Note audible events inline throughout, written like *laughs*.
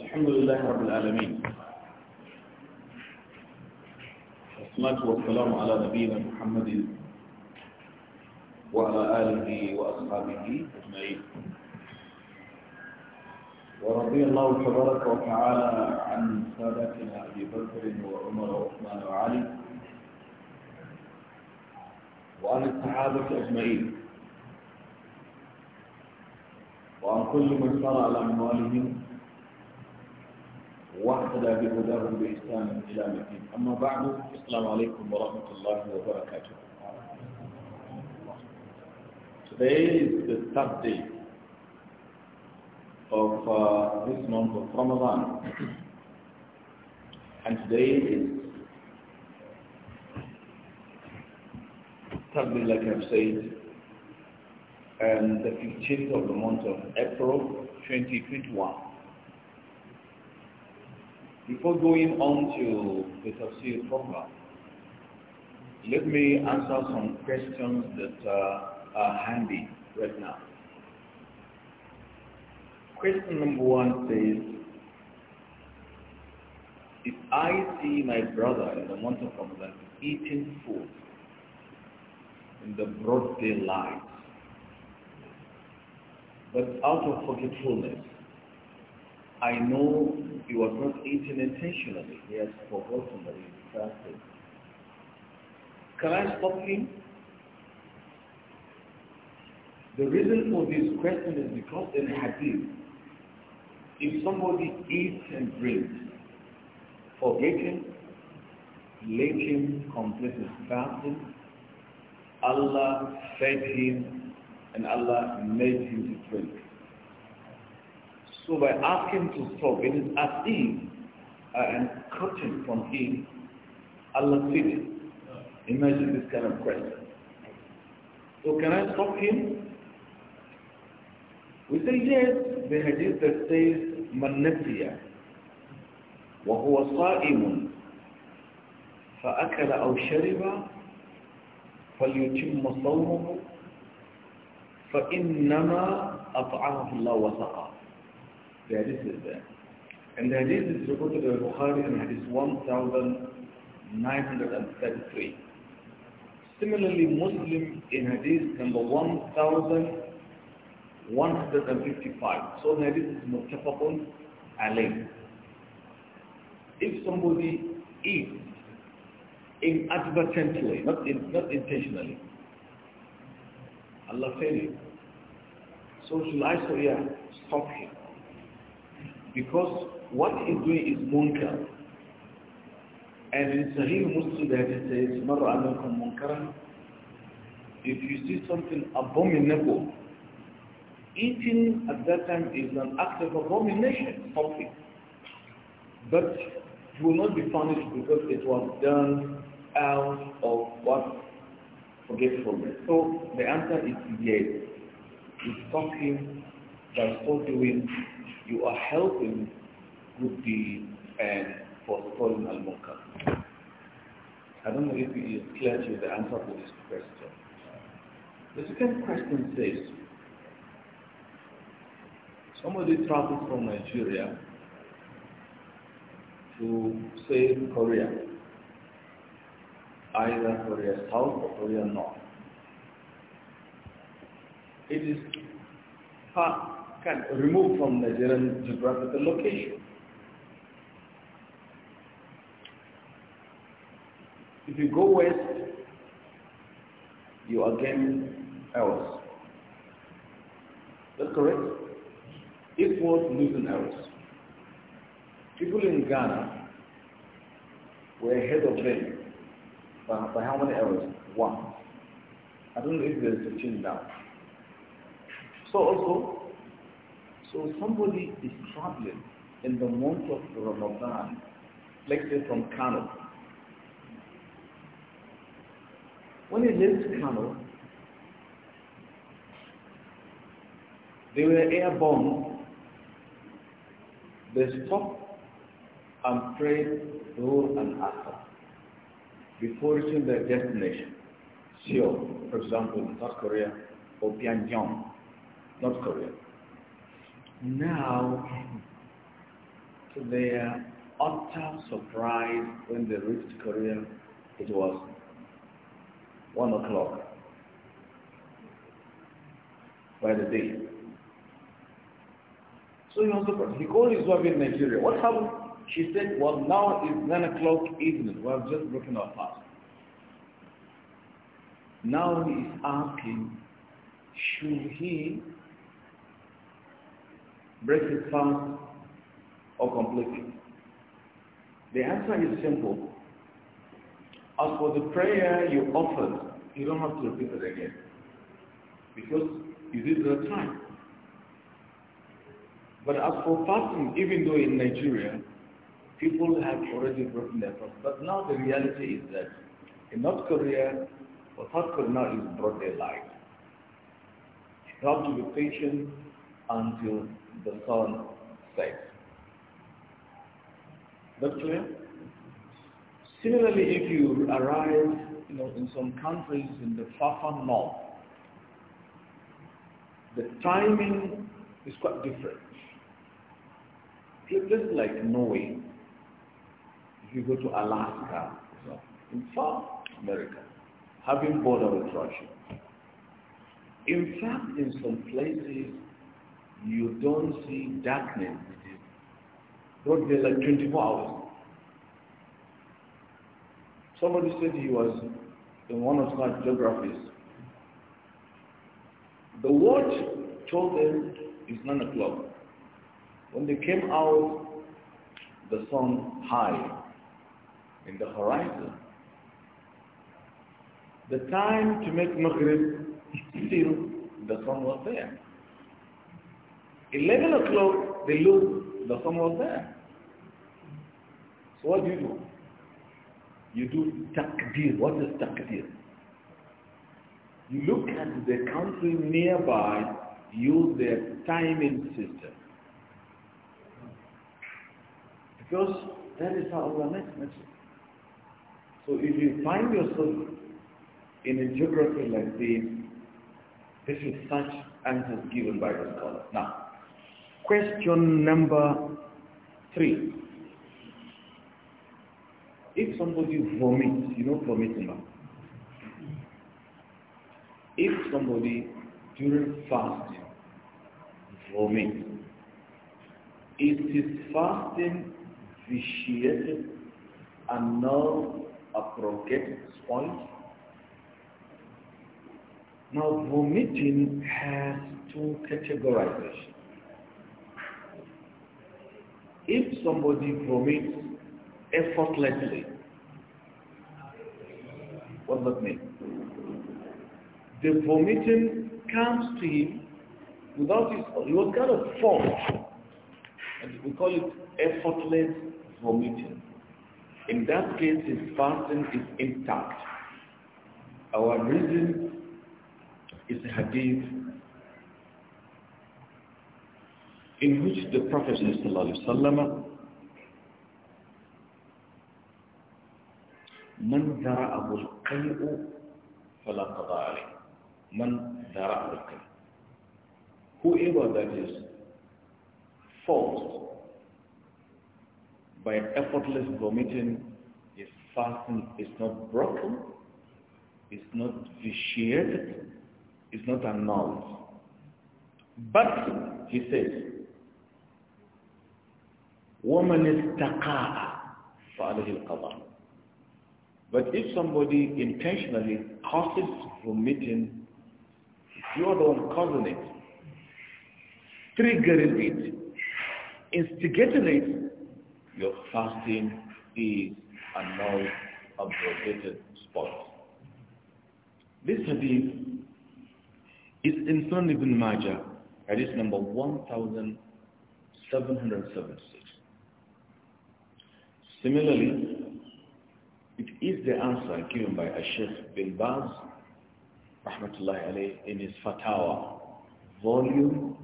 الحمد لله رب العالمين والصلاة والسلام على نبينا محمد وعلى آله وأصحابه أجمعين ورضي الله تبارك وتعالى عن سادتنا أبي بكر وعمر وعثمان وعلي وعن الصحابة أجمعين وعن كل من صار على أموالهم واهتدى بهداه بإحسان إلى مدين أما بعد السلام عليكم ورحمة الله وبركاته Today is the third day of uh, this month of Ramadan and today is Thirdly, like I've said, and um, the 15th of the month of April 2021. Before going on to the Tafsir program, let me answer some questions that uh, are handy right now. Question number one says, if I see my brother in the month of Ramadan eating food in the broad daylight, but out of forgetfulness, I know he was not eating intentionally. He has forgotten that he fasted. Can I stop him? The reason for this question is because in hadith, if somebody eats and drinks, forgetting, lacking, complete fasting, Allah fed him and Allah made him so by asking to stop, it is as if I am cutting from him Allah feeding. Imagine this kind of question. So can I stop him? We say yes, the hadith that says من نسي وهو صائم فأكل أو شرب فليتم صومه فإنما أطعمه الله وسقى The hadith is there. And the hadith is reported by Bukhari in hadith 1933. Similarly, Muslim in hadith number 1155. So the hadith is muttafaqun alayh. If somebody eats inadvertently, not, in, not intentionally, Allah said it, so July stop him. Because what he's doing is munkar. And in Sahih Muslim that it says, If you see something abominable, eating at that time is an act of abomination, something. But you will not be punished because it was done out of what? Forgetfulness. So the answer is yes stop him. that is so doing, you are helping good deeds and forestalling al munkar. I don't know if it is clear to you the answer to this question. The second question says, somebody travels from Nigeria to, say, Korea, either Korea South or Korea North. It is far, kind of removed from Nigerian geographical location. If you go west, you are again else. That's correct? It was losing else. People in Ghana were ahead of them by, by how many hours? One. I don't know if there's a change now. So also, so somebody is traveling in the month of Ramadan, let's say from Kano. When he left Kano, they were airborne. They stopped and prayed Dhuhr and Asr before reaching their destination, Seoul, for example, in South Korea, or Pyongyang, North Korea. Now, to their utter surprise when they reached Korea, it was 1 o'clock by the day. So he was surprised. He called his wife in Nigeria. What happened? She said, well, now it's 9 o'clock evening. We have just broken our fast. Now he is asking, should he break it fast or complete it? The answer is simple. As for the prayer you offered, you don't have to repeat it again. Because you did the time. But as for fasting, even though in Nigeria, people have already broken their fast. But now the reality is that in North Korea, fasting South Korea now is brought daylight. You have to be patient until the sun sets. That clear? Similarly, if you arrive you know, in some countries in the far, far north, the timing is quite different. Places like Norway, if you go to Alaska, in South America, having border with Russia. In fact, in some places, you don't see darkness not there like 24 hours. Somebody said he was in one of such geographies. The watch told them it's 9 o'clock. When they came out, the sun high in the horizon. The time to make Maghrib, *laughs* still the sun was there. 11 o'clock, they look, the sun was there. So what do you do? You do takdir. What is takdir? You look at the country nearby, use their timing system. Because that is how we manage. message. So if you find yourself in a geography like this, this is such answers given by the scholar. Now, Question number three. If somebody vomits, you know vomiting. If somebody during fasting vomits, it is fasting vitiated and now appropriate point? Now vomiting has two categorizations. If somebody vomits effortlessly, what does that mean? The vomiting comes to him without his, he was kind of forced. And we call it effortless vomiting. In that case, his fasting is intact. Our reason is the hadith in which the Prophet ﷺ من ذرأه القيء فلا قضاء عليه من ذرأه القيء whoever that is forced by effortless vomiting is fasting is not broken is not vitiated is not annulled but he says وَمَنِ اسْتَقَاءَ فَعَلَيْهِ الْقَضَاءُ But if somebody intentionally causes vomiting, you are the one causing it, triggering it, instigating it, your fasting is annulled, abrogated, spot. This hadith is in Sunan Ibn Majah, hadith number 1776. Similarly, it is the answer given by Sheikh bin Baz, rahmatullahi alayh, in his fatwa, volume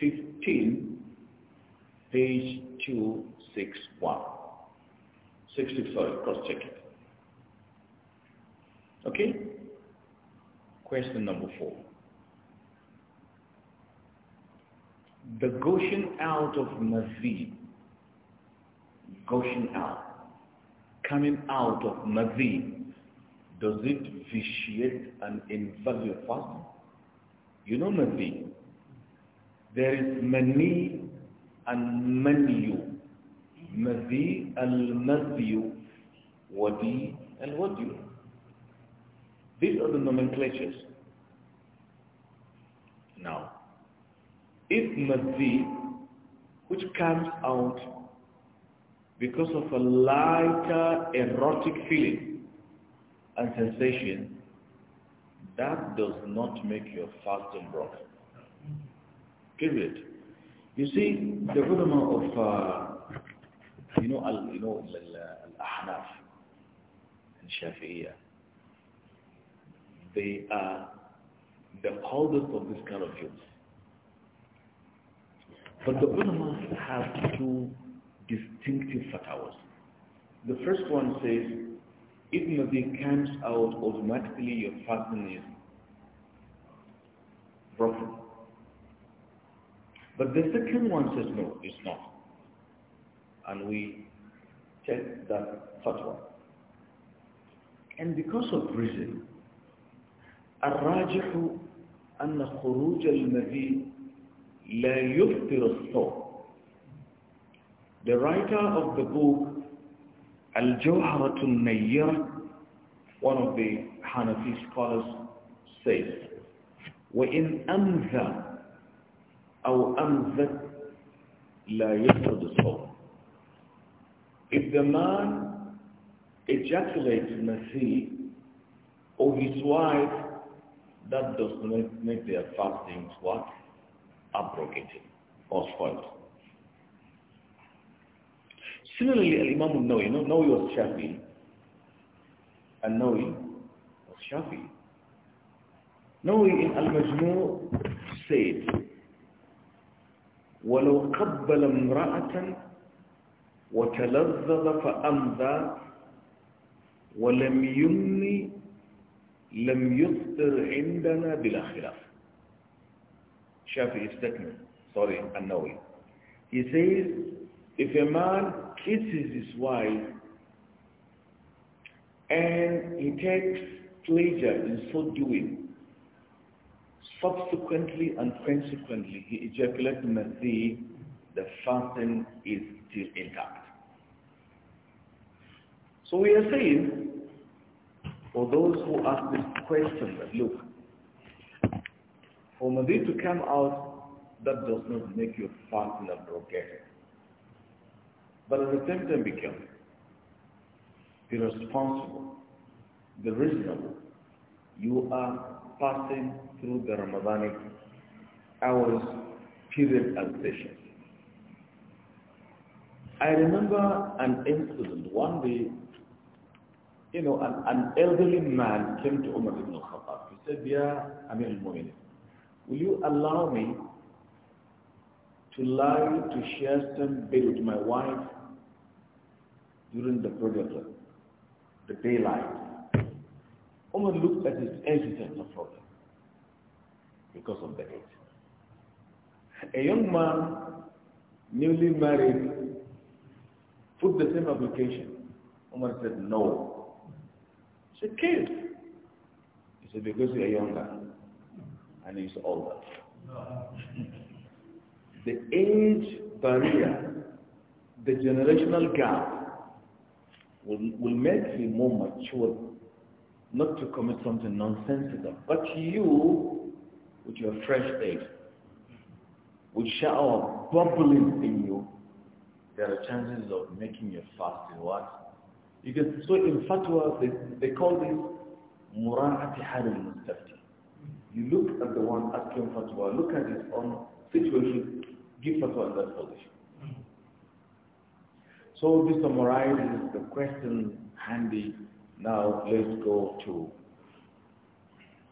15, page 261. 60, cross-check it. Okay? Question number four. The gushing out of Nazib gushing out, coming out of Mazi, does it vitiate and invalid your fasting? You know Mazi. There is many and many Mazi al-maziyu, wadi al-wadiyu. These are the nomenclatures. Now, if mazi, which comes out because of a lighter erotic feeling and sensation, that does not make your fasting broken. Period. You see, the ulama of, uh, you know, al, you know, al-Ahnaf and Shafi'iyah, they are the holders of this kind of views. But the ulama have to distinctive fatwas. The first one says, if nothing comes out automatically, your fasting is broken. But the second one says, no, it's not. And we check that fatwa. And because of reason, الراجح أن خروج المذي لا يفطر الصوم the writer of the book, Al-Jawharatul Nayyar, one of the Hanafi scholars, says, وَإِنْ أَمْذَى أَوْ أَمْذَتْ لَا يَفْرُدُ الصَّوْمُ If the man ejaculates Nasi or his wife, that does not make their fasting what? Abrogated or spoiled. شنو اللي الإمام النووي النووي والشافعي النووي والشافعي نووي إن المجموع سيد ولو قبل امرأة وتلذذ فأمذى ولم يمني لم يفطر عندنا بلا خلاف شافعي استكمل سوري النووي He if a man kisses his wife and he takes pleasure in so doing. Subsequently and consequently, he ejaculates Masih, the fountain is still intact. So we are saying, for those who ask this question, that look, for Masih to come out, that does not make your fountain abrogated. But at the same time, be careful, be responsible, be reasonable. You are passing through the Ramadanic hours, period, and session. I remember an incident. One day, you know, an, an elderly man came to Umar ibn Khattab. He said, "Dear Amir al will you allow me to lie to share some bed with my wife during the project, the daylight. Omar looked at his existence of no problem because of the age. A young man, newly married, put the same application. Omar said, no. He said, kid. He said, because you're younger and he's older. *laughs* the age barrier, the generational gap will, will make you more mature, not to commit something nonsensical. But you, with your fresh age, with shower bubbling in you, there are chances of making fast in what? You can so in fatwa they, they call this mura'ati hal mustafti. You look at the one asking fatwa, look at his own situation, give fatwa in that position. So this summarizes the question handy. Now let's go to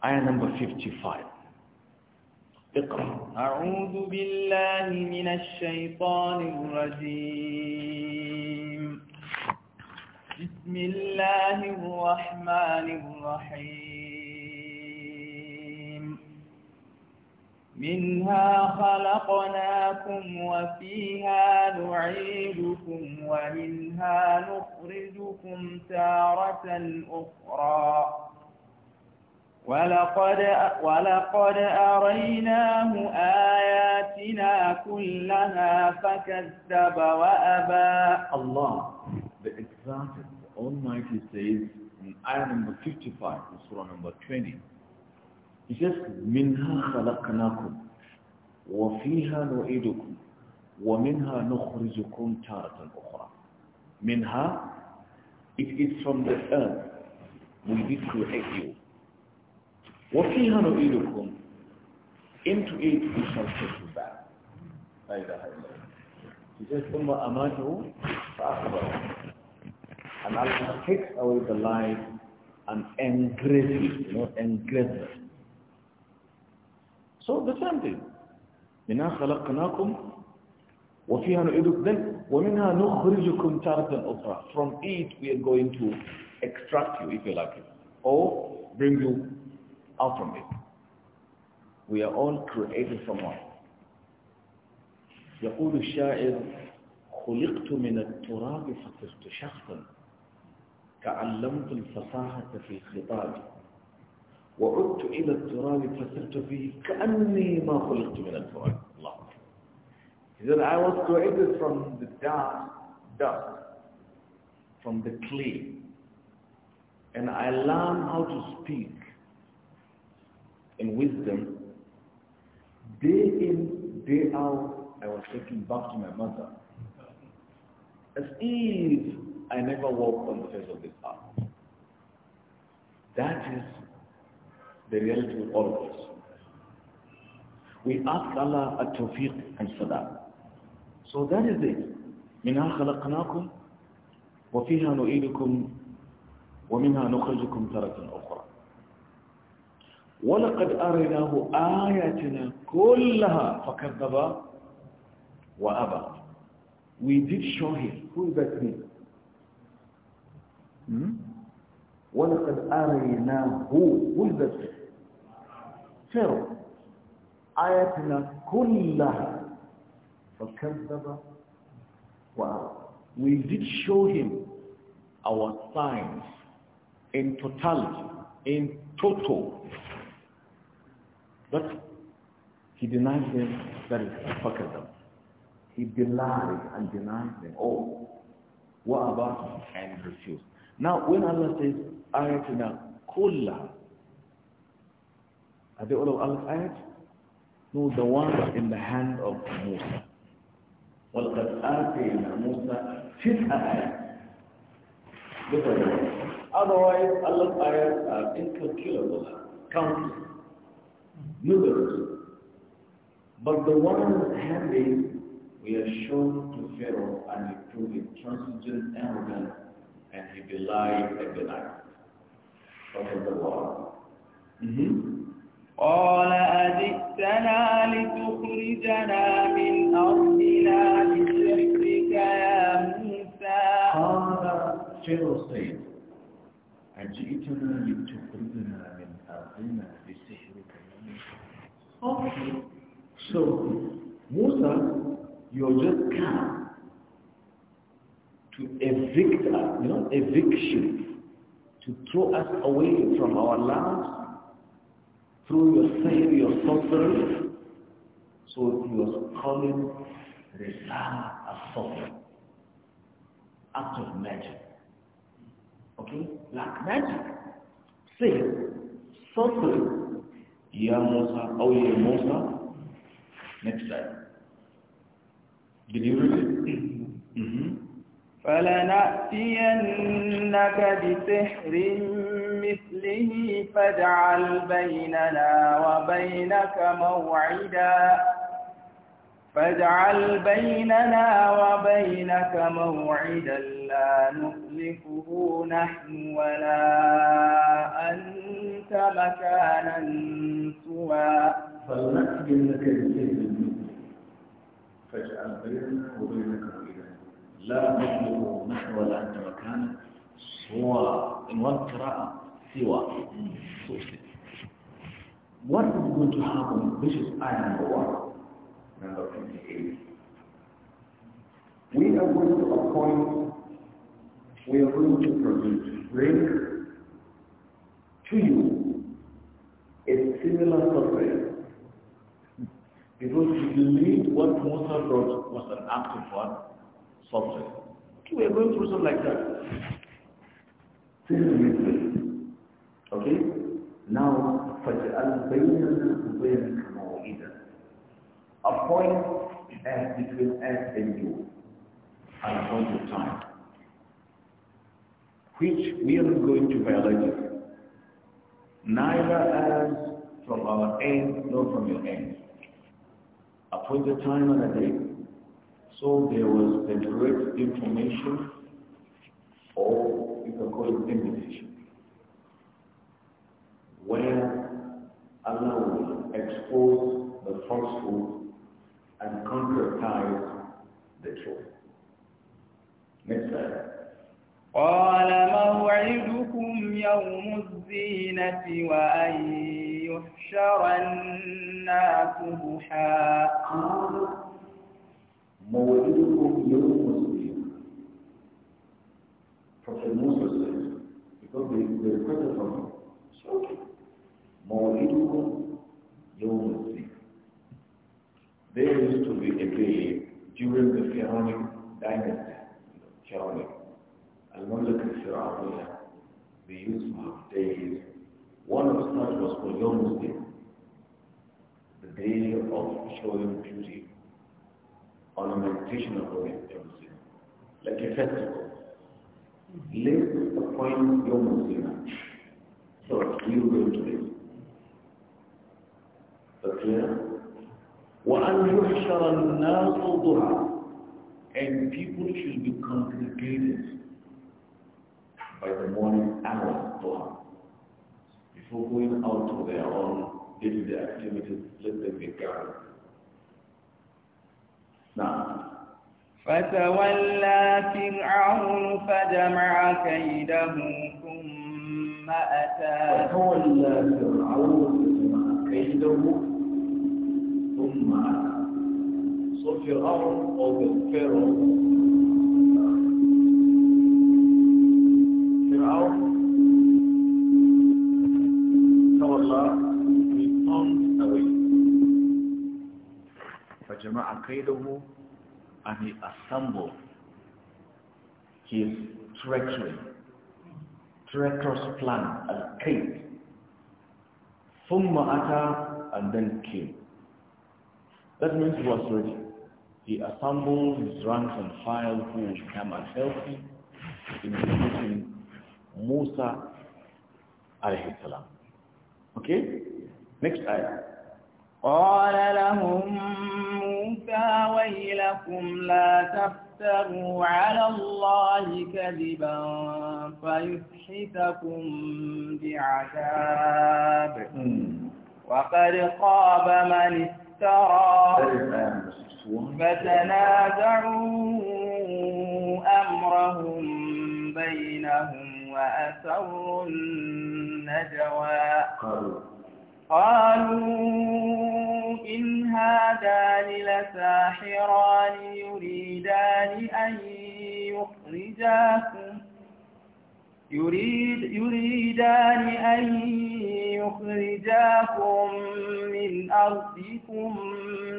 ayah number 55. بسم الله الرحمن الرحيم منها خلقناكم وفيها نعيدكم ومنها نخرجكم تارة أخرى ولقد, ولقد أريناه آياتنا كلها فكذب وأبى الله The exact Almighty says in ayah number 55 in surah number 20 He مِنْهَا خَلَقْنَاكُمْ وَفِيهَا نُعِيدُكُمْ وَمِنْهَا نُخْرِجُكُمْ تَارَةً أُخْرَى مِنْهَا It is from the earth we did create you. وَفِيهَا نُعِيدُكُمْ Into it we shall take you back. لا إله إلا الله. He says, ثُمَّ أَمَاتُهُ فَأَخْبَرُهُ And Allah takes away the light and engraves it, you know, engraves it. So the same thing. منها خلقناكم وفيها نعيدكم then ومنها نخرجكم تارة أخرى. From it we are going to extract you if you like it or bring you out from it. We are all created from one. يقول الشاعر خلقت من التراب فصرت شخصا تعلمت الفصاحة في خطابي وعدت إلى التراب فسرت فيه كأني ما خلقت من التراب الله He said, I was created from the dust, dust, from the clay. And I learned how to speak in wisdom. Day in, day out, I was taken back to my mother. As if I never walked on the face of this earth. That is the reality with all of us. We ask Allah at tawfiq and salam. So that is it. منها خلقناكم وفيها نعيدكم ومنها نخرجكم ترة أخرى ولقد أرناه آياتنا كلها فكذب وأبى We did show him. Who is that me? Hmm? ولقد أريناه Who is that me? Pharaoh ayatina كلها فكذب Wow. We did show him our signs in totality, in total. But he denies them that is fakadam. He denies and denies them all. Oh, what Wa'aba and refused. Now when Allah says, ayatina kulla, are they all of Allah's ayat? No, the ones in the hand of Musa. وَلَقَدْ آتَيْنَا مُوسَى تِسْعَ آيَاتٍ Otherwise, Allah's ayat are incalculable, countless, numerous. But the one handed, we are shown to Pharaoh and he proved it transigent, arrogant, and he belied and denied. What is the law? Mm -hmm. قال أجئتنا لتخرجنا من أرضنا بسحرك يا موسى قال فرعون أجئتنا لتخرجنا من أرضنا بسحرك يا موسى Okay. So, Musa, you're just come to evict us, you know, eviction, to throw us away from our land through your sin, your suffering. So he was calling Rizal a suffering. Act of magic. Okay? Like magic. Sin, suffering. Ya Musa, oh ya Musa. Next slide. Did you read it? Mm -hmm. فلنأتينك بسحر مثله فاجعل بيننا وبينك موعدا فاجعل بيننا وبينك موعدا لا نخلفه نحن ولا أنت مكانا سوى فلنأتينك بسحر فاجعل بيننا لا مثله نحو ولا مكان سوى in one سوى what is going to happen This is ayah number one number 58 we are going to appoint we are going to produce bring to you a similar suffering because you believe what Musa brought was an act of what subject. Okay, we are going through something like that. *laughs* Okay? Now, فَجْعَلْ بَيْنَنَا وَبَيْنَكَ a point as between us and you at a point of time, which we are not going to violate Neither as from our end nor from your end. a point of time and a date. So there was a direct information or you can call it invitation where Allah will expose the falsehood and concretize the truth. Next slide. قال موعدكم يوم الزينة وأن يحشر الناس ضحى موعدكم يوم الدين Prophet Musa said, because they, they requested from him, it's okay. موعدكم يوم الدين There used to be a day during the Pharaonic dynasty, Pharaonic, Al-Mamlaka al-Pharaoniya, they used to days. One of such was for Yom Muslim, the day of showing ornamentation of women everything. Like a festival. Let's appoint your Muslim. So you do to this. Okay? وَأَنْ يُحْشَرَ النَّاسُ And people should be congregated by the morning hour, ضُحًا Before going out to their own daily activities, let them be gathered. نعم. فتولى فرعون فجمع كيده ثم أتى فتولى فرعون فجمع كيده ثم أتى So Fir'aun or the Pharaoh تولى فرعون فجمع كيده and he assembled his treachery, treacherous plan as king, ثم أتى and then killed. That means he was ready. He assembled his ranks and file who would come and help him, including Musa alayhi salam. Okay? Next ayah. قال لهم موسى ويلكم لا تفتروا على الله كذبا فيسحتكم بعذاب وقد خاب من افترى فتنازعوا أمرهم بينهم وأسروا النجوى قالوا إن هذان لساحران يريدان أن يخرجاكم يريد يريدان أن يخرجاكم من أرضكم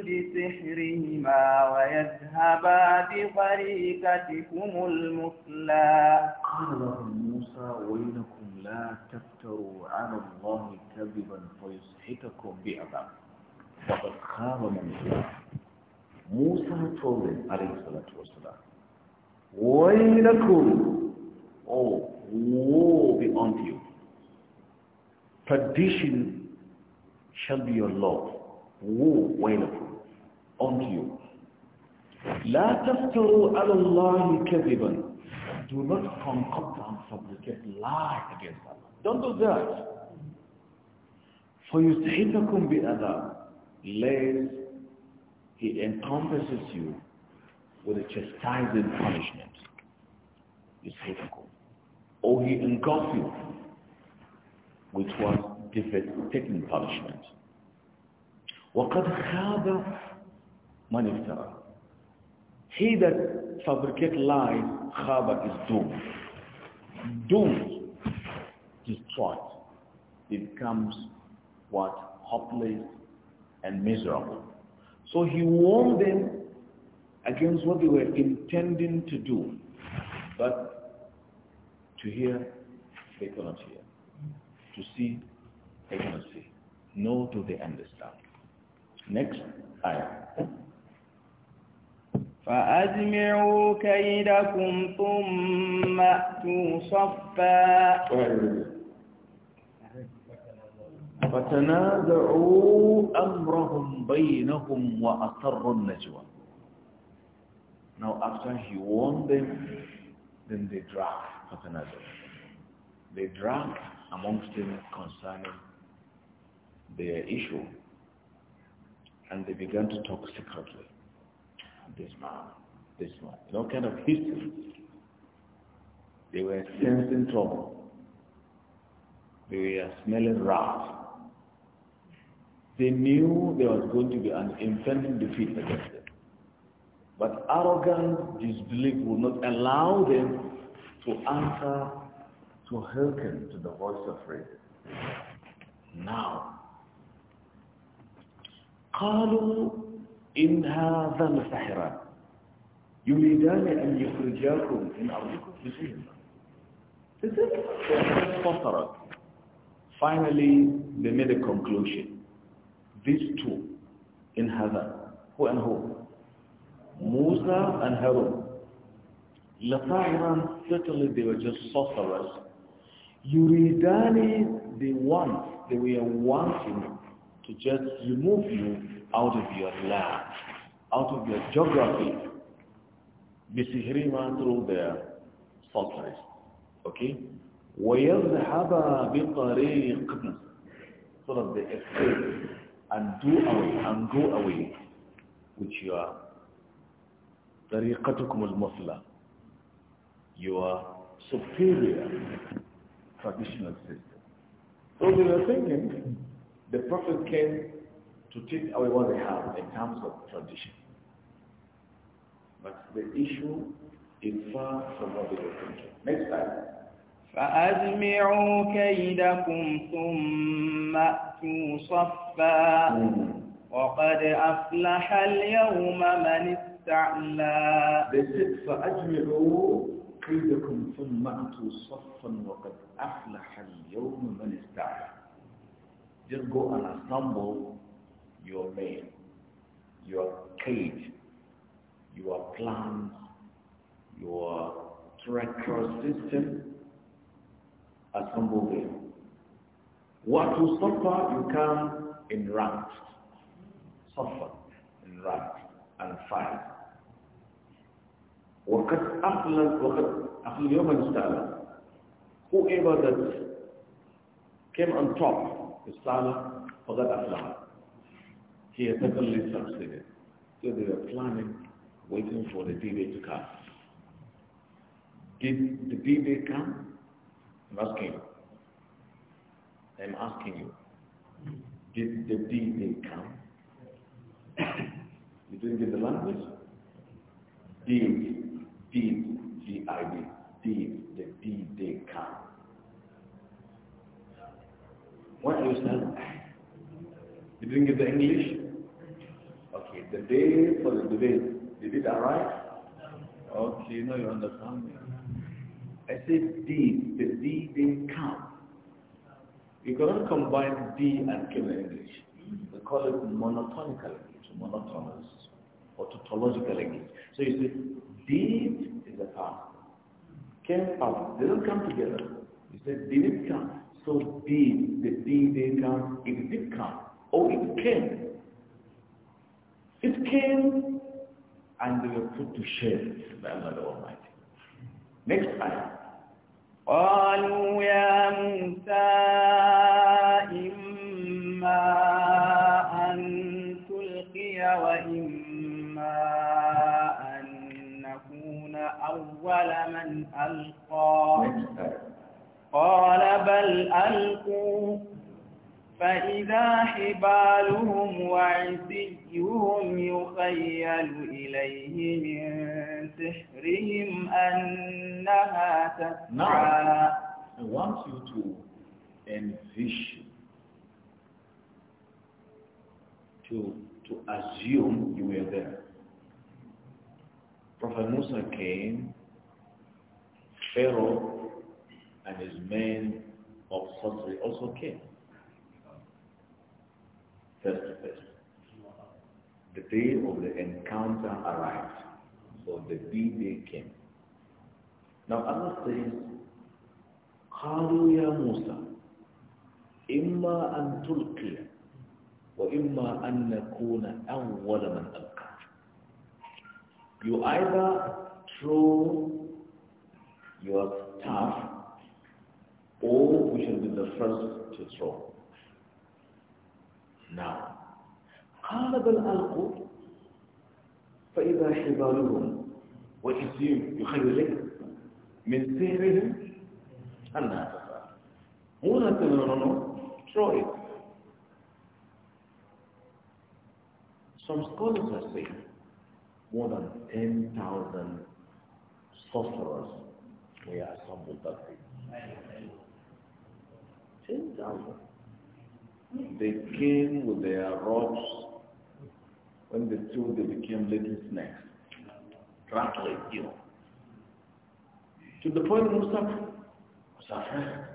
بسحرهما ويذهبا بطريقتكم المثلى قال لهم موسى ويلكم لا تفتروا على الله كذبا فيسحتكم بعذاب فقد خاب من ظلم Musa told them, alayhi salatu wasalam, Wailakum, oh, woe be unto you. Perdition shall be your lot. Woe, wailakum, unto you. لا تفتروا على الله كذبا do not concoct and supplicate lie against Allah. Don't do that. For you to "Be بِأَذَى Lest he encompasses you with a chastising punishment. يُسْحِتَكُمْ Or he engulf you with one taking punishment. وَقَدْ خَابَ مَنْ افْتَرَى he that fabricates lies, Khaba is doomed. Doomed, destroyed. It becomes what? Hopeless and miserable. So he warned them against what they were intending to do. But to hear, they cannot hear. To see, they cannot see. Nor do they understand. Next ayah. فأجمعوا كيدكم ثم أتوا صفا فتنازعوا أمرهم بينهم وأسروا النجوى Now after he warned them, then they drank فتنازعوا They drank amongst them concerning their issue and they began to talk secretly this man, this one. You know, kind of history. They were sensing trouble. They were smelling wrath. They knew there was going to be an impending defeat against them. But arrogant disbelief would not allow them to answer, to hearken to the voice of reason. Now, قالوا إن هذا يريدان أن يخرجاكم من أرضكم Finally, they made a conclusion. These two in Hazan, who and who? Musa and Harun. Latairan, certainly they were just sorcerers. Yuridani, they want, they were wanting to just remove you out of your land, out of your geography. بسهرهما through the sorceries. Okay? وَيَذْهَبَا بِطَرِيقٍ So that they escape and do away and go away with your طريقتكم المثلى your superior traditional system. So they were thinking the prophet came to take away what they have in terms of tradition. But the issue is far from what they were thinking. Next time. فأجمعوا كيدكم ثم أتوا صفا mm. وقد أفلح اليوم من استعلى فأجمعوا كيدكم ثم أتوا صفا وقد أفلح اليوم من استعلى Just go and assemble your men, your cage, your plans, your tractor system, assemble them. What you suffer, you come in ranks. Suffer in ranks and fight. وقد أخلق وقد أخلق يوم السالة whoever that came on top is Salah for that he had totally succeeded. So they were planning, waiting for the D-Day to come. Did the D-Day come? I'm asking you. I'm asking you. Did the D-Day come? *coughs* you didn't get the language? Did, did, G-I-D, did the D-Day come? What are you saying? You didn't get the English? Okay, the day for the debate. Did it arrive? Okay, now you understand. I said D, the D didn't come. You cannot combine D and K in English. They call it monotonical English, monotonous or tautological English. So you see, did is a past. Came past. They don't come together. You said did it come. So did, the D didn't come, it did come. Oh, it came. It came and they were put to shame by Allah Almighty. Next ayah. قالوا يا موسى إما أن تلقي وإما أن نكون أول من ألقى قال بل ألقوا فإذا حبالهم وعسيهم يخيل إليه من سحرهم أنها تسعى I want you to envision, to, to assume you were there. Prophet Musa came, Pharaoh and his men of sorcery also came. First to first. The day of the encounter arrived, so the D-Day came. Now Allah says, قالوا يا موسى إما أن تلقي وإما أن نكون أول من ألقى You either throw your staff or we shall be the first to throw. نعم قال بل ألقوا فإذا حبالهم وإثيم يخيل من سيرهم أنها تفعل هنا تنرنو تروي Some scholars are saying more than 10,000 sorcerers were assembled that day. 10,000. they came with their robes. When they threw, they became little snakes, rattling you. To the point Musa was afraid.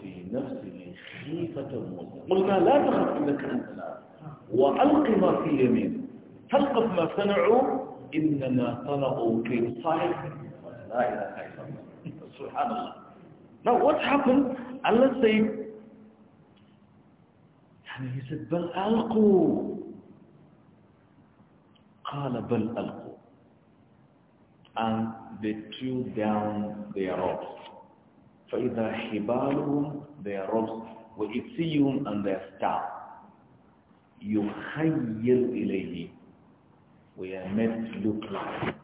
في نفسه خيفة موسى قلنا لا تخف إنك أنت وألق ما في يمين تلقف ما صنعوا إننا صنعوا كيد صالح لا إله إلا الله سبحان الله Now what happened? Allah said and he said, Bal alqu. Qala bal alqu. And they threw down their robes. فَإِذَا حِبَالُهُمْ Their robes. وَإِسِيُّهُمْ And their staff. يُخَيِّلْ إِلَيْهِ We are meant to look like.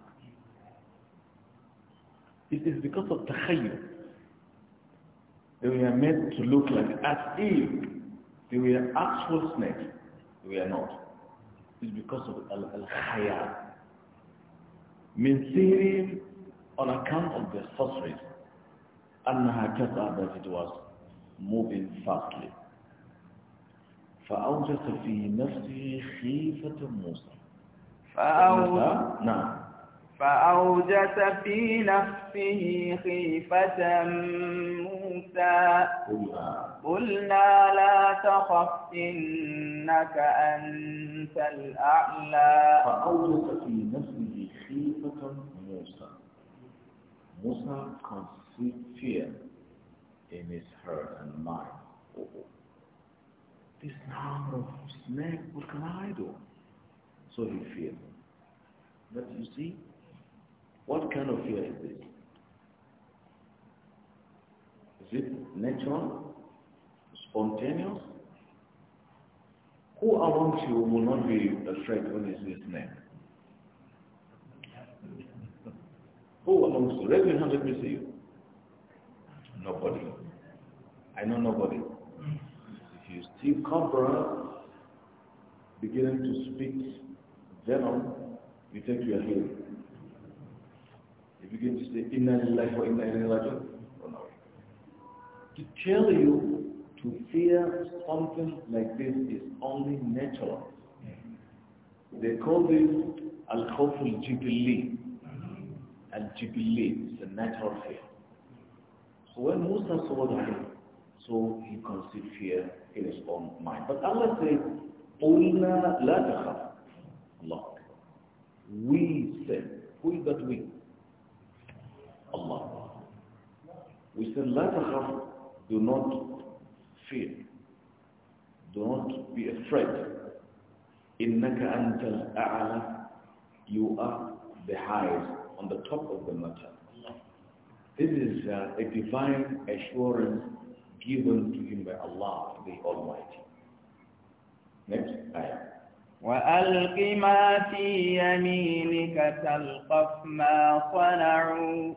It is because of tahayyul that we are meant to look like as if they were actual snakes. They were not. It's because of al-khayal. Means on account of the sorceries. Anna Kata that it was moving fastly. فأوجس في نفسه خيفة موسى. فأوجس نعم فأوجس في نفسه خيفة موسى قلنا لا تخف إنك أنت الأعلى فأوجس في نفسه خيفة موسى موسى conceived fear in his heart and mind. Oh, oh. This number of snake, what can I do? So he feared. But you see, What kind of fear is this? Is it natural? Spontaneous? Who among you will not be afraid when you see his name? Who among you? Raise your hand, let me see you. Nobody. I know nobody. If you see Cobra beginning to speak venom, you think you are begin to say, Inna lillahi wa inna ilayhi raji'un, run away. To tell you to fear something like this is only natural. They call this al-khawf al-jibilli. Al-jibilli is a natural fear. So when Musa saw that, so he conceived fear in his own mind. But Allah said, قُلْنَا لَا تَخَفْ Allah. We said, who is that we? Allah. We said, La takhaf, do not fear. Do not be afraid. Innaka antal a'ala, you are the highest, on the top of the matter. This is uh, a divine assurance given to him by Allah, the Almighty. Next ayah. وألق ما في يمينك تلقف ما صنعوا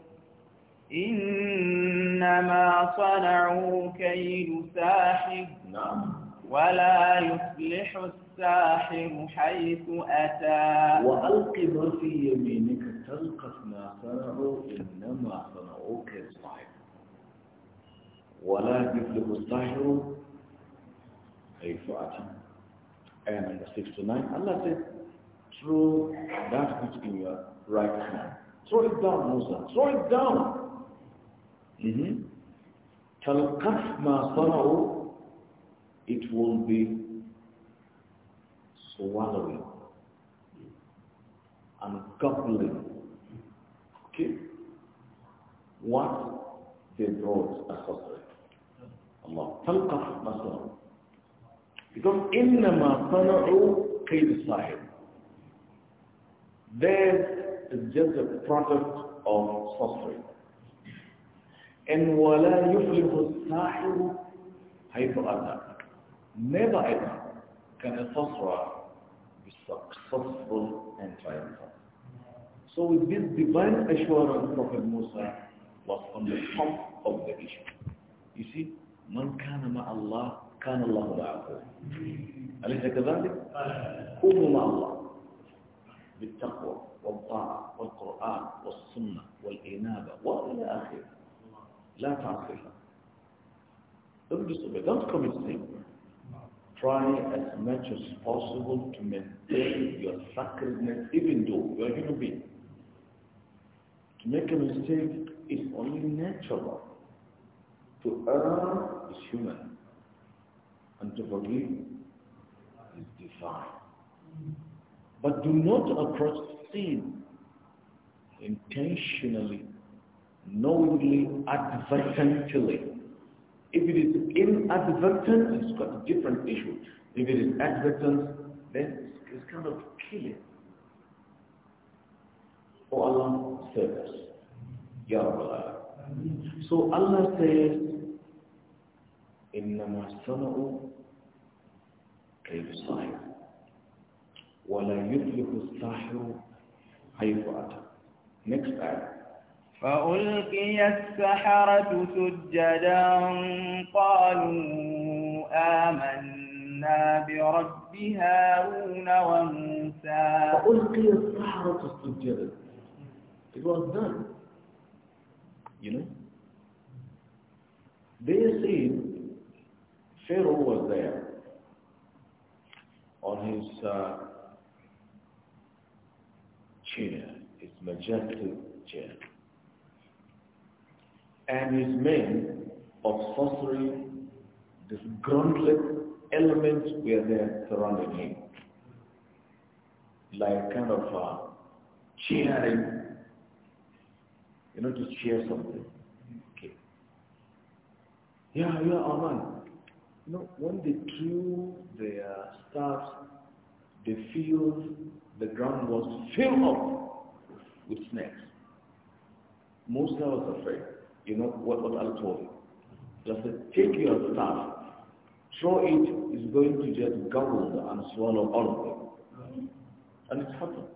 إنما صنعوا كيد ساحر نعم. ولا يفلح الساحر حيث أتى وألق ما في يمينك تلقف ما صنعوا إنما صنعوا كيد ساحر ولا يفلح الساحر حيث أتى آية number 6 to Allah said, throw that which in your right hand. Throw it down, Musa. Throw it down. تلقف ما صنعوا it will be swallowing and gobbling okay what they brought as offering Allah تلقف ما صنعوا because إنما صنعوا قيد صاحب theirs is just a product of suffering And وَلَا يُفْلِحُ السَّاحِرُ حَيْثُ أَتَى Never ever can a sorcerer be successful and triumphant. So with this divine assurance, Prophet Musa was on the top of the issue. You see, من كان مع الله كان الله معه. أليس كذلك؟ كونوا مع الله بالتقوى والطاعة والقرآن والسنة والإنابة وإلى آخره. Let us Don't disobey. Don't commit sin. Try as much as possible to maintain your sacredness, even though you are human being. To make a mistake is only natural. To err is human. And to forgive is divine. But do not approach sin intentionally knowingly, advertently. If it is inadvertent, it's got a different issue. If it is advertent, then it's kind of killing. Or oh, Allah save us. Ya Allah. So Allah says, إِنَّمَا سَمَعُوا كَيْفُ صَحِبُ وَلَا يُفْلِحُ السَّاحِرُ حَيْفُ أَتَى Next ayah. فألقي السحرة سجدا قالوا آمنا برب هارون وموسى فألقي السحرة سجدا It was done. You know? They say Pharaoh was there on his uh, chair, his majestic chair. and his men of sorcery, element where were there surrounding him. Like kind of uh, cheering, you know, to cheer something. Okay. Yeah, yeah, Aman. You know, when they drew their staffs, they filled, the ground was filled up with snakes. Musa was afraid you know what, what I told you. Just take your staff, throw it, it's going to just gobble and swallow all of it. And it happened.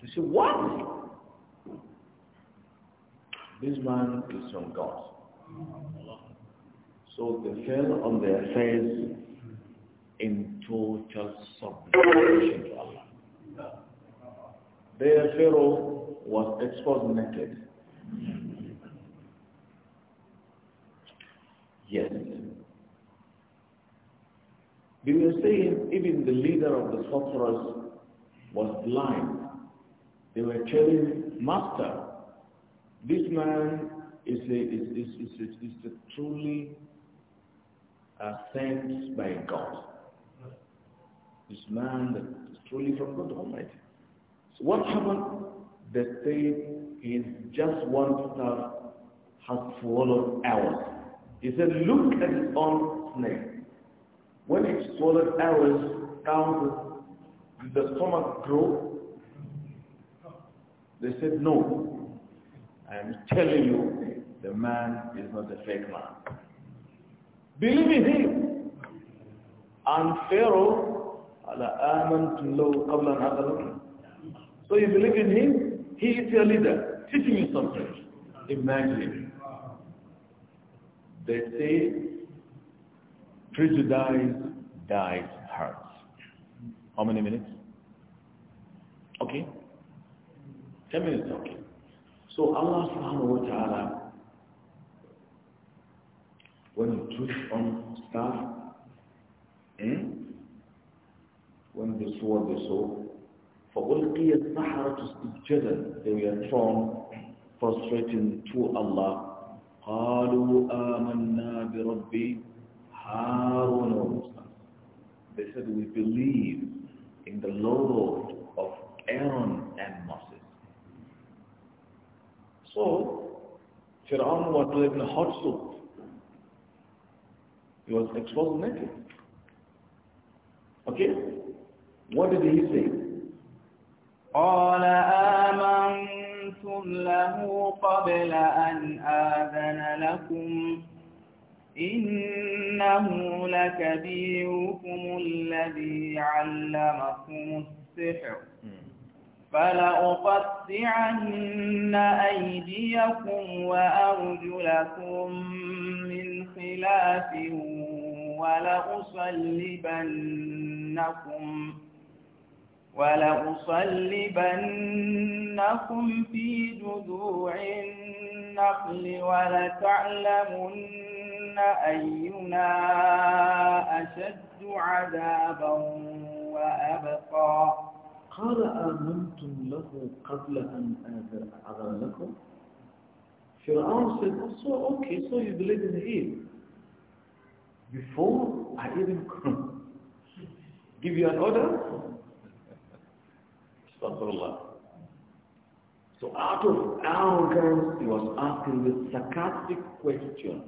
You say, what? This man is from God. So they fell on their face in total submission to Allah. Their Pharaoh was exposed naked. Yes. They were saying even the leader of the sorcerers was blind. They were telling Master, this man is, a, is, is, is, is, is a truly uh, sent by God. This man that is truly from God Almighty. So what happened? They said is just one star has followed ours. He said, look at its own snake. When it swallowed arrows down, to the stomach grow? They said, no. I am telling you, the man is not a fake man. Believe in him. And Pharaoh, law So you believe in him? He is your leader, teaching you something. Imagine. They say prejudice dies hurts. How many minutes? Okay? Ten minutes, okay. So Allah subhanahu wa ta'ala, when he truth on staff, eh? when they saw all they saw, to speak together, They were thrown, frustrating to Allah قالوا آمنا برب هارون وموسى They said, we believe in the Lord of Aaron and Moses. So, Fir'aun was living in hot soup. He was exposed naked. Okay? What did he say? قال aman. أذنتم له قبل أن آذن لكم إنه لكبيركم الذي علمكم السحر فلأقطعن أيديكم وأرجلكم من خلاف ولأصلبنكم ولأصلبنكم في جذوع النخل ولتعلمن أينا أشد عذابا وأبقى قال آمنتم له قبل أن أذن لكم فرعون said, oh, so, okay, so you believe in him. Before I even come, give you an order, So out of arrogance, he was asking this sarcastic question.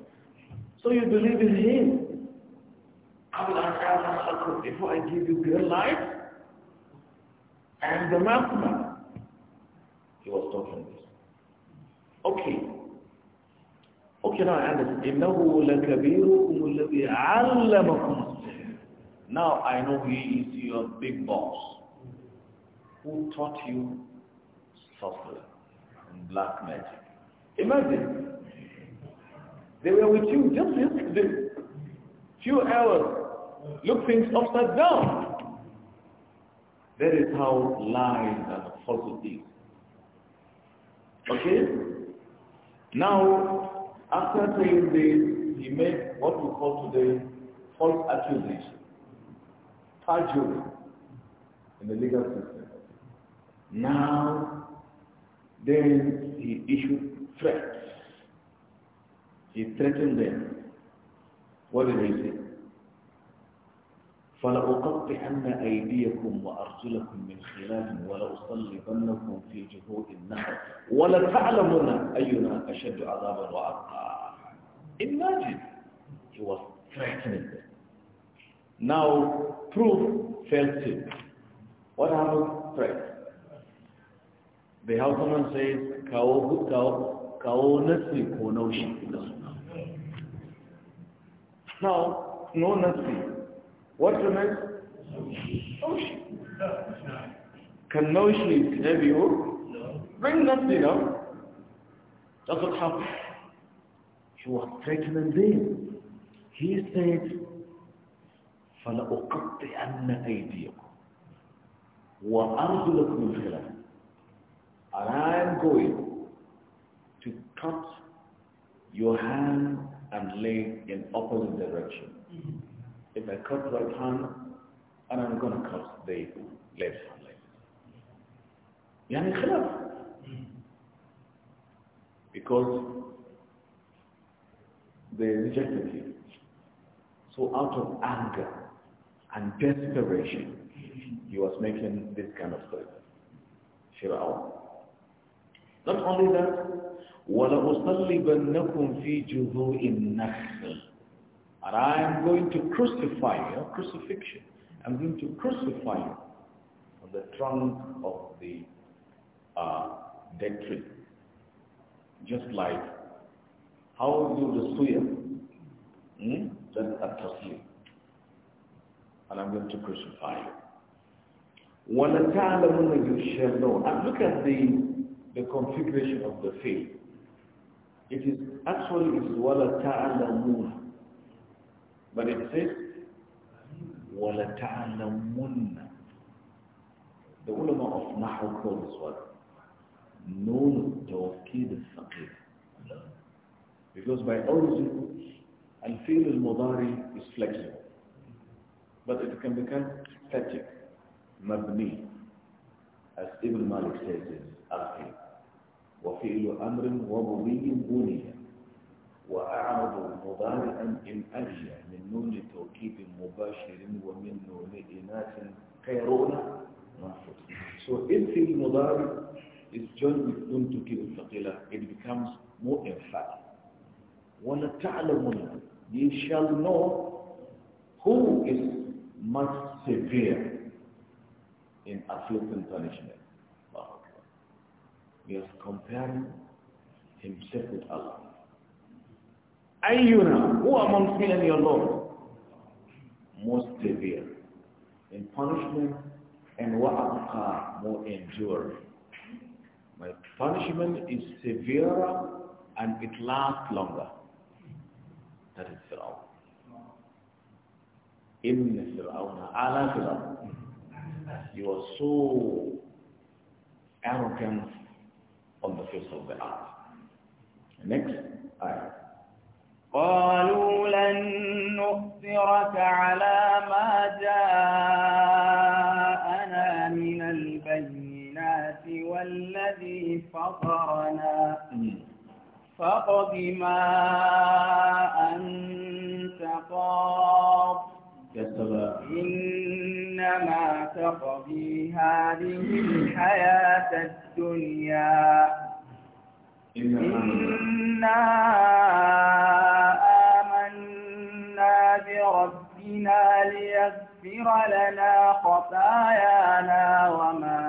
So you believe in him? Before I give you your life, and the madman. He was talking this. Okay. Okay, now I understand. Now I know he is your big boss who taught you sorcery and black magic. Imagine, they were with you just yesterday, few hours, look things upside down. That is how lies and falsehood Okay? Now, after saying this, he made what we call today false accusation, perjury in the legal system. Now, then he issued threats. He threatened them. What did he say? فلأقطعن أيديكم وأرجلكم من خلاف ولأصلبنكم في جُهُودِ النخل ولتعلمن أينا أشد عذابا وأبقى. Imagine he was threatening them. Now proof failed him. What happened? threats? they the houseman say kawo kawo kawo nasi ko naushi now no nasi what do mean can naushi have you bring nasi now that's what happened he was threatening them he said فلأقطعن أيديكم وأرجلكم من خلاف And I'm going to cut your hand and leg in opposite direction. Mm -hmm. If I cut right hand, and I'm going to cut the left hand. يعني خلاف mm-hmm. because they rejected him so out of anger and desperation mm-hmm. he was making this kind of statement Shirao not only that, وَلَأُصَلِّبَنَّكُمْ فِي جُذُوءِ النَّخْلِ And I am going to crucify you, crucifixion. I'm going to crucify you on the trunk of the uh, dead tree. Just like how do the suya hmm? that are And I'm going to crucify you. وَلَتَعْلَمُنَّ you shall know. And look at the the configuration of the faith. It is actually it is wala ta'alamun. But it says wala ta'alamun. The ulama of Nahu call this one known tawakid al-faqir. Because by origin, and fil al-mudari is flexible. But it can become static, mabni, as Ibn Malik says in Al-Fiqh. وفعل أمر بني وأعرض مضارعا إن أجي من نون توكيد مباشر ومن نون إناث خيرون So if the مضارع is joined with nun توكيد it becomes more emphatic ولتعلمون ye shall know who is much severe in afflicting punishment he was comparing himself with Allah. Ayyuna, who amongst me and your Lord? Most severe in punishment and wa'aqa, more enduring. My punishment is severer and it lasts longer. That is Fir'aun. Ibn Fir'aun, ala Fir'aun. You are so arrogant justice of نكس earth. قالوا لن نؤثرك على ما جاءنا من البينات والذي فطرنا hmm. فاقض ما أنت قاض إنما تقضي هذه الحياة الدنيا إنا آمنا بربنا ليغفر لنا خطايانا وما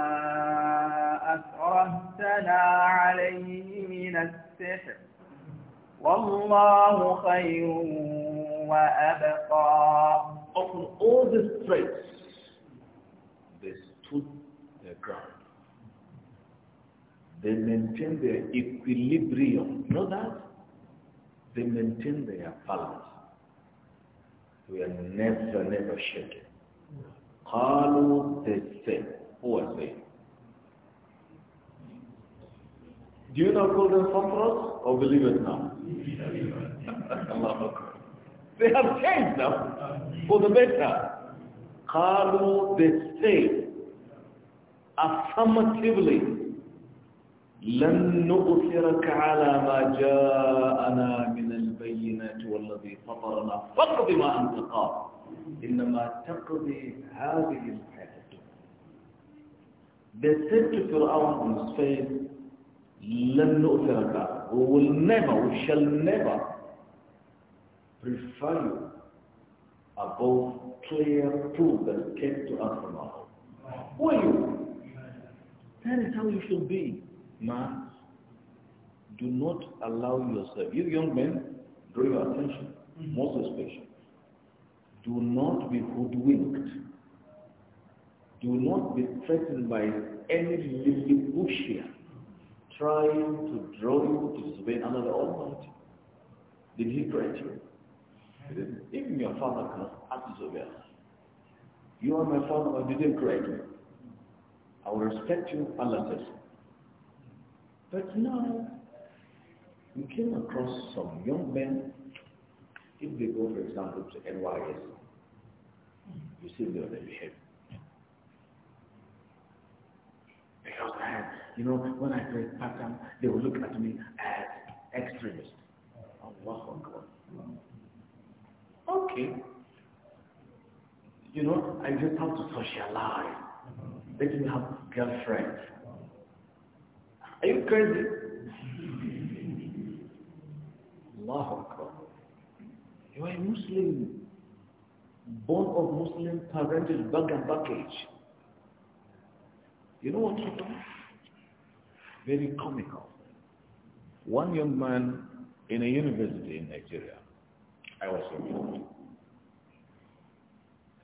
أكرهتنا عليه من السحر والله خير وأبقى Of all the threats, there's two They maintain their equilibrium. You know that? They maintain their balance. We are never, never shaken. قالوا they say. Who are they? Do you not call them Sopros or oh, believe it now? *laughs* they have changed now for the better. قالوا they say affirmatively لن نؤثرك على ما جاءنا من البينات والذي فطرنا فاقض ما أنت قاض إنما تقضي هذه الحياة They said to Fir'aun on his face, لن نؤثرك We will never, we shall never prefer you above clear proof that came to us from Allah. Who are you? That is how you should be. man, do not allow yourself, you young men, draw your attention, mm-hmm. most especially. Do not be hoodwinked. Do not be threatened by any lillipushia trying to draw you to disobey another the Almighty. Did he correct you? Even your father cannot disobey Allah. You are my father, but didn't correct me. I will respect you, Allah says. But now, you came across some young men, if they go, for example, to NYS, you see them, they behave. Because, I, you know, when I play pattern, they will look at me as extremist. Oh, Allahu Akbar. Okay. You know, I just have to socialize. Let me have girlfriends. Are you crazy? Allah Akbar. You are a Muslim, born of Muslim parentage, bag and baggage. You know what happened? Very comical. One young man in a university in Nigeria, I was involved,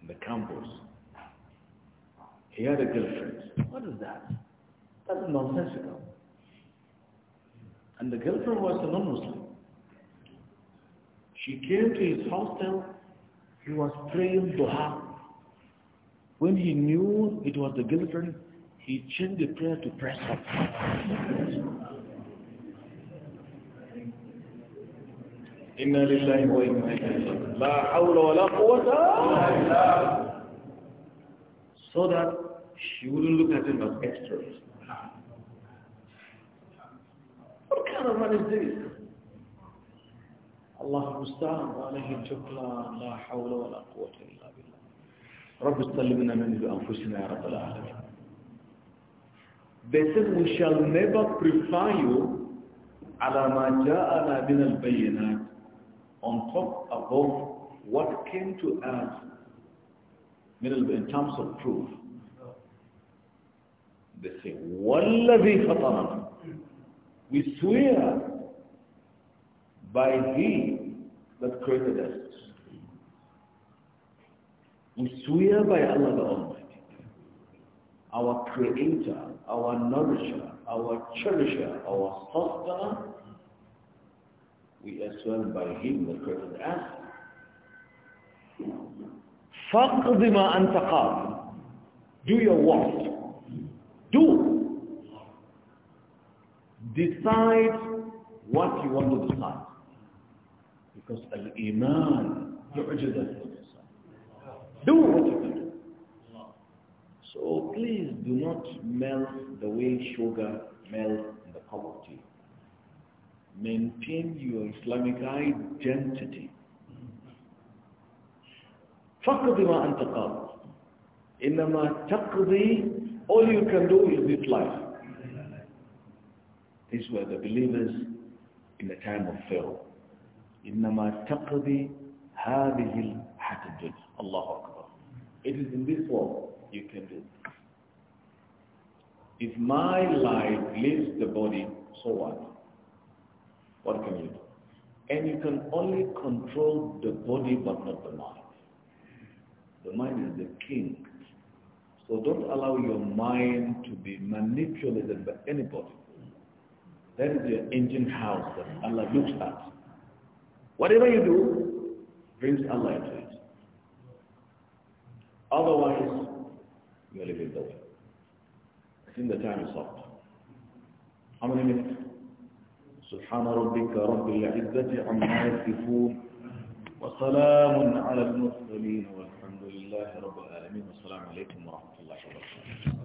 in the campus, he had a girlfriend. What is that? That's nonsensical and the girlfriend was a non-Muslim. She came to his hostel, he was praying duha. When he knew it was the girlfriend, he changed the prayer to press up. إنا لله وإنا لا حول ولا قوة so that she wouldn't look at him as extras. يعرف عن الزيت الله المستعان وعليه الشكر لا حول ولا قوة إلا بالله رب استلمنا من أنفسنا يا رب العالمين They said we shall never prefer you على ما جاءنا من البينات on top above what came to us in terms of proof. They say, وَالَّذِي فَطَرَنَا We swear by He that created us. We swear by Allah the Almighty, our Creator, our Nourisher, our Cherisher, our Sustainer. We swear by Him that created us. فَقْضِ مَا أَنْتَ Do your worst. decide what you want to decide. Because al-iman yu'jid Do what you can do. So please do not melt the way sugar melts in the cup of tea. Maintain your Islamic identity. فَقْضِ مَا أَنْتَ قَالُ إِنَّمَا تَقْضِي All you can do is this life. These were the believers in the time of Pharaoh. إِنَّمَا تَقْضِي هَذِهِ الْحَتَ الدُّنْيَا Akbar. It is in this world you can do. If my life leaves the body, so what? What can you do? And you can only control the body but not the mind. The mind is the king. So don't allow your mind to be manipulated by anybody. That is your engine house that Allah looks at. Whatever you do, brings Allah into it. Otherwise, you are living the way. I think the time is up. How many minutes? سبحان ربك رب العزة عما يصفون وسلام على المرسلين والحمد لله رب العالمين والسلام عليكم ورحمة الله وبركاته